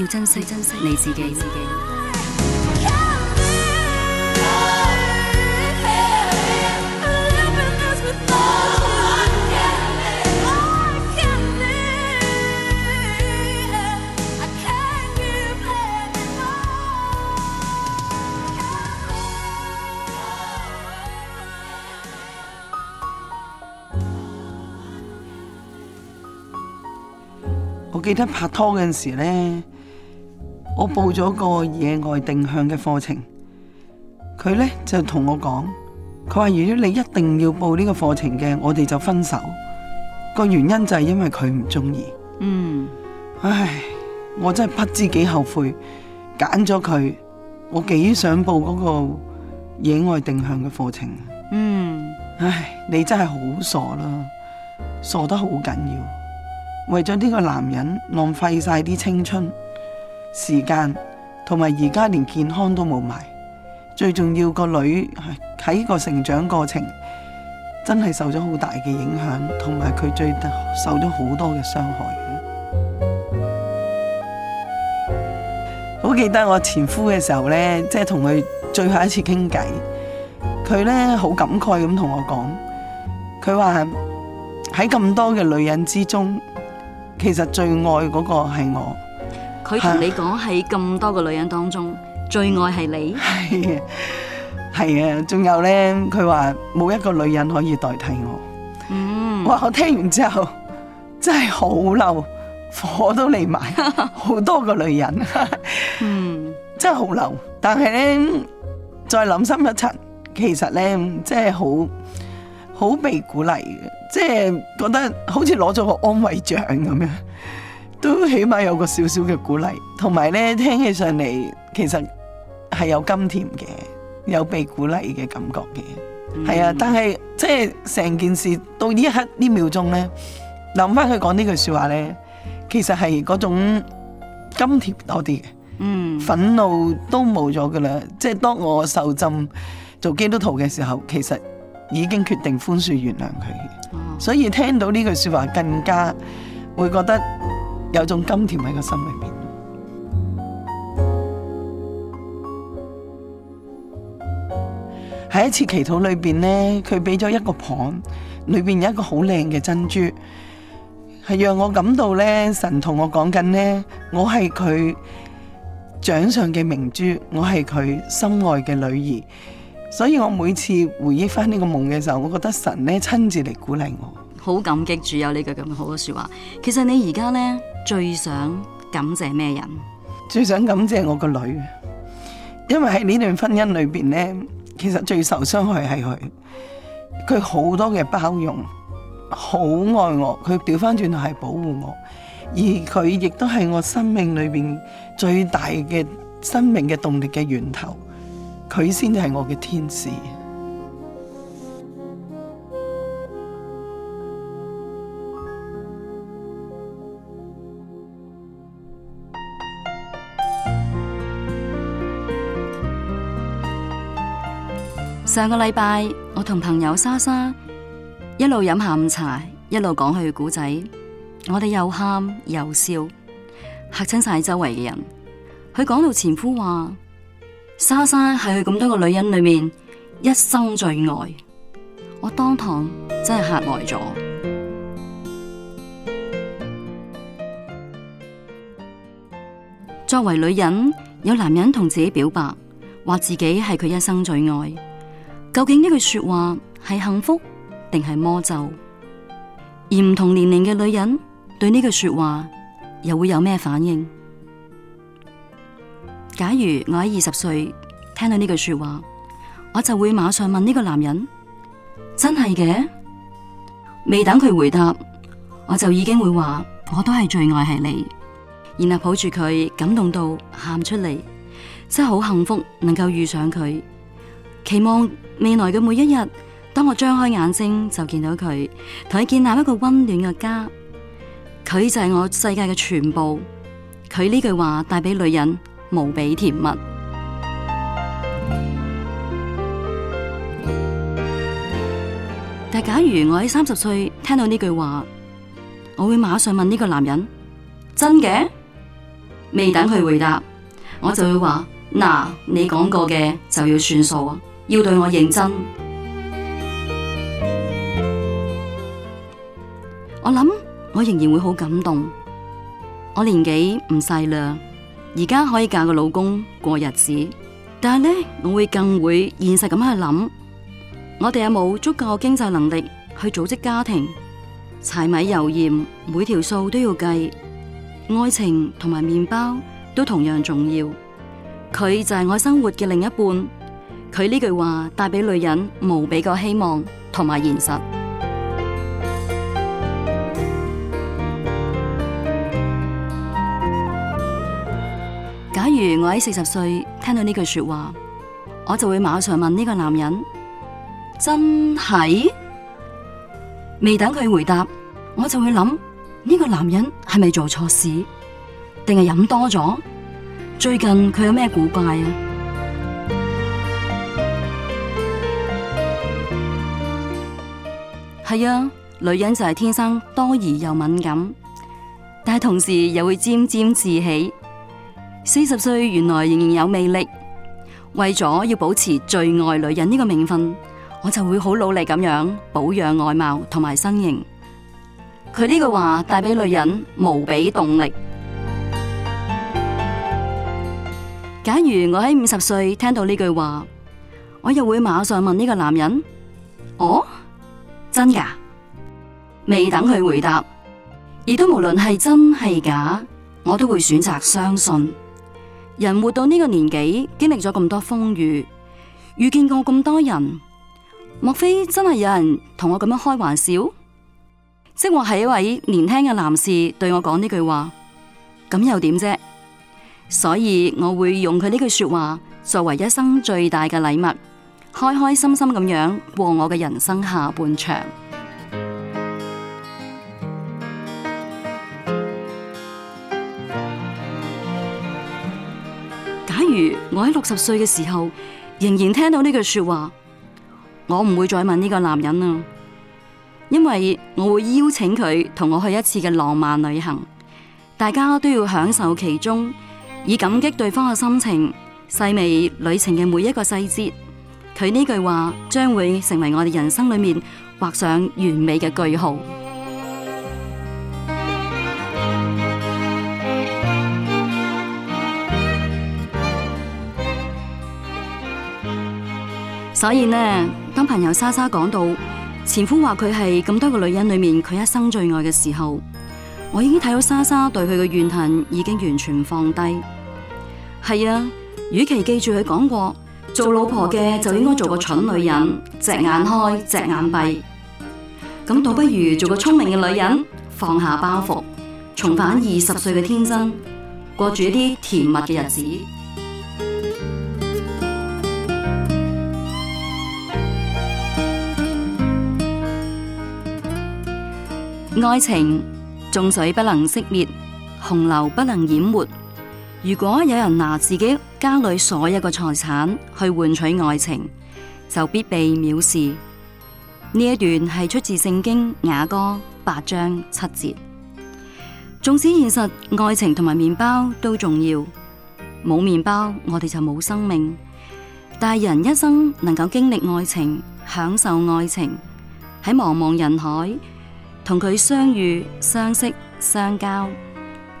要珍惜珍惜你自己。自己，我記得拍拖嗰陣時呢，我報咗個野外定向嘅課程，佢呢就同我講，佢話如果你一定要報呢個課程嘅，我哋就分手。個原因就係因為佢唔中意。嗯，唉，我真係不知幾後悔揀咗佢，我幾想報嗰個野外定向嘅課程。嗯，唉，你真係好傻啦，傻得好緊要，為咗呢個男人浪費晒啲青春。時間同埋而家連健康都冇埋，最重要個女喺個成長過程真係受咗好大嘅影響，同埋佢最受咗好多嘅傷害嘅。好 記得我前夫嘅時候呢，即係同佢最後一次傾偈，佢呢好感慨咁同我講，佢話喺咁多嘅女人之中，其實最愛嗰個係我。佢同你講喺咁多個女人當中，最愛係你？係啊，仲有呢？佢話冇一個女人可以代替我。嗯，哇，我聽完之後真係好嬲，火都嚟埋，好 多個女人，哈哈，嗯，真係好嬲。但係呢，再諗深一層，其實呢，即係好好被鼓勵，即係覺得好似攞咗個安慰獎咁樣。都起碼有個少少嘅鼓勵，同埋咧聽起上嚟，其實係有甘甜嘅，有被鼓勵嘅感覺嘅。係、嗯、啊，但係即係成件事到呢一刻呢秒鐘咧，諗翻佢講呢句說話咧，其實係嗰種甘甜多啲嘅。嗯，憤怒都冇咗噶啦，即係當我受浸做基督徒嘅時候，其實已經決定寬恕原諒佢。嗯、所以聽到呢句說話，更加會覺得。有種甘甜喺個心裏邊。喺一次祈禱裏邊呢，佢俾咗一個盤，裏邊有一個好靚嘅珍珠，係讓我感到呢，神同我講緊呢，我係佢掌上嘅明珠，我係佢心愛嘅女兒。所以我每次回憶翻呢個夢嘅時候，我覺得神呢親自嚟鼓勵我。好感激住有呢句咁好嘅說話。其實你而家呢。最想感謝咩人？最想感謝我個女，因為喺呢段婚姻裏邊呢，其實最受傷害係佢。佢好多嘅包容，好愛我，佢調翻轉頭係保護我，而佢亦都係我生命裏邊最大嘅生命嘅動力嘅源頭，佢先係我嘅天使。上個禮拜，我同朋友莎莎一路飲下午茶，一路講佢嘅故仔。我哋又喊又笑，吓親晒周圍嘅人。佢講到前夫話，莎莎係佢咁多個女人裏面一生最愛。我當堂真係嚇呆咗。作為女人，有男人同自己表白，話自己係佢一生最愛。究竟呢句說話係幸福定係魔咒？而唔同年齡嘅女人對呢句說話又會有咩反應？假如我喺二十歲聽到呢句說話，我就會馬上問呢個男人：真係嘅？未等佢回答，我就已經會話我都係最愛係你，然後抱住佢，感動到喊出嚟，真係好幸福，能夠遇上佢。期望未來嘅每一日，當我張開眼睛就見到佢，同佢建立一個溫暖嘅家，佢就係我世界嘅全部。佢呢句話帶俾女人無比甜蜜。但假如我喺三十歲聽到呢句話，我會馬上問呢個男人：真嘅的？未等佢回答，我就會話：嗱， 你講過嘅就要算數啊！要對我認真， 我諗我仍然會好感動。我年紀唔細啦，而家可以嫁個老公過日子，但係呢，我會更會現實咁去諗。我哋有冇足夠經濟能力去組織家庭？柴米油鹽，每條數都要計，愛情同埋麵包都同樣重要。佢就係我生活嘅另一半。佢呢句話帶俾女人無比嘅希望同埋現實。假如我喺四十歲聽到呢句說話，我就會馬上問呢個男人：真係？未等佢回答，我就會諗呢個男人係咪做錯事，定係飲多咗？最近佢有咩古怪啊？係啊，女人就係天生多疑又敏感，但係同時又會沾沾自喜。四十歲原來仍然有魅力，為咗要保持最愛女人呢個名分，我就會好努力咁樣保養外貌同埋身形。佢呢句話帶俾女人無比動力。假如我喺五十歲聽到呢句話，我又會馬上問呢個男人：「哦？」真噶，未等佢回答，而都無論係真係假，我都會選擇相信。人活到呢個年紀，經歷咗咁多風雨，遇見過咁多人，莫非真係有人同我咁樣開玩笑？即話係一位年輕嘅男士，對我講呢句話，咁又點啫？所以我會用佢呢句說話作為一生最大嘅禮物。開開心心咁樣過我嘅人生下半場。假如我喺六十歲嘅時候仍然聽到呢句說話，我唔會再問呢個男人啊，因為我會邀請佢同我去一次嘅浪漫旅行，大家都要享受其中，以感激對方嘅心情，細味旅程嘅每一個細節。佢呢句話將會成為我哋人生裏面畫上完美嘅句號。所以呢，當朋友莎莎講到前夫話佢係咁多個女人裏面佢一生最愛嘅時候，我已經睇到莎莎對佢嘅怨恨已經完全放低。係啊，與其記住佢講過。做老婆嘅就應該做個蠢女人，隻眼開隻眼閉，咁倒不如做個聰明嘅女人，放下包袱，重返二十歲嘅天真，過住一啲甜蜜嘅日子。愛情，眾水不能熄滅，洪流不能淹沒。如果有人拿自己家裏所有嘅財產去換取愛情，就必被藐視。呢一段係出自聖經雅歌八章七節。縱使現實愛情同埋麵包都重要，冇麵包我哋就冇生命。但係人一生能夠經歷愛情、享受愛情，喺茫茫人海同佢相遇、相識、相交。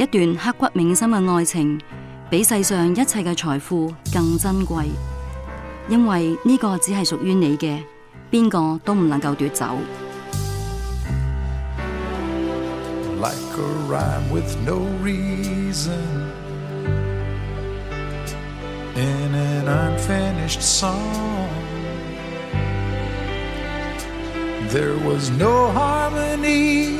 一段刻骨銘心嘅愛情，比世上一切嘅財富更珍貴，因為呢個只係屬於你嘅，邊個都唔能夠奪走。Like a rhyme with no reason, in an unfinished song, there was no harmony.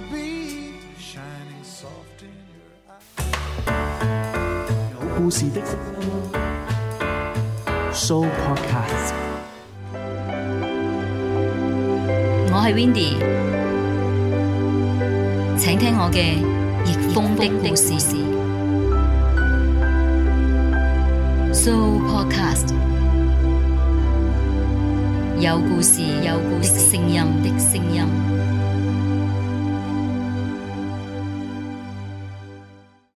故事的 So Podcast，我係 Windy，請聽我嘅逆風的故事。So Podcast 有故事，有故事的聲音的聲音。